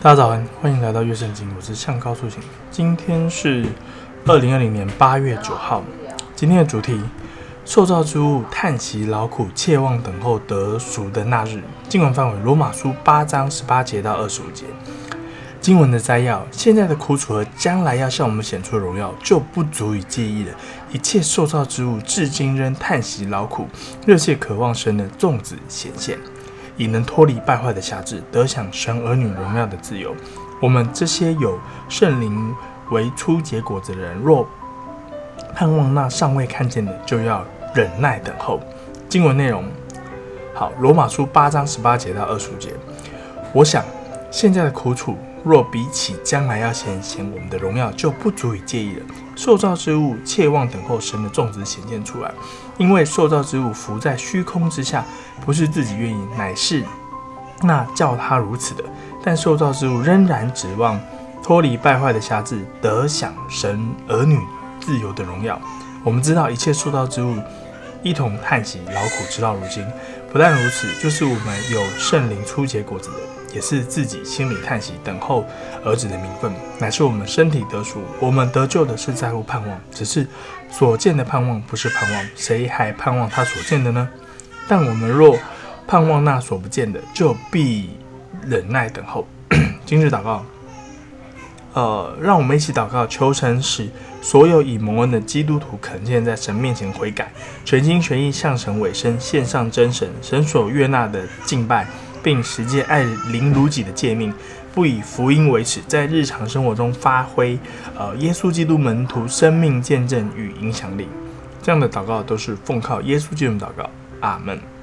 大家早安，歡迎來到樂聖經，我是向高素晴。今天是二零二零年八月九號，今天的主題：受造之物嘆息勞苦，切望等候得贖的那日。經文範圍：羅馬書八章十八節到二十五節。經文的摘要：現在的苦楚和將來要向我們顯出的榮耀，就不足以介意了。一切受造之物至今仍嘆息勞苦，熱切渴望神的眾子顯現。以能脫離敗壞的轄制，得享神兒女榮耀的自由。我們這些有聖靈為初結果子的人，若盼望那尚未看見的，就要忍耐等候。經文內容：好，羅馬書八章十八節到二十五節。我想現在的苦楚，若比起將來要顯現我們的榮耀，就不足以介意了。受造之物切望等候神的眾子顯現出來，因為受造之物服在虛空之下，不是自己願意，乃是那叫他如此的。但受造之物仍然指望脫離敗壞的轄制，得享神兒女自由的榮耀。我們知道一切受造之物一同嘆息勞苦，直到如今。不但如此，就是我們有聖靈初結果子的。也是自己心裡嘆息，等候兒子的名分，乃是我們身體得贖，我們得救的是在乎盼望。只是所見的盼望不是盼望，誰還盼望他所見的呢？但我們若盼望那所不見的，就必忍耐等候。今日禱告，呃，讓我們一起禱告，求神使所有已蒙恩的基督徒懇切，在神面前悔改，全心全意向神委身，獻上真神神所悅納的敬拜。並實踐愛鄰如己的誡命，不以福音為恥，在日常生活中發揮，呃，耶穌基督門徒生命見證與影響力。這樣的禱告都是奉靠耶穌基督禱告。阿門。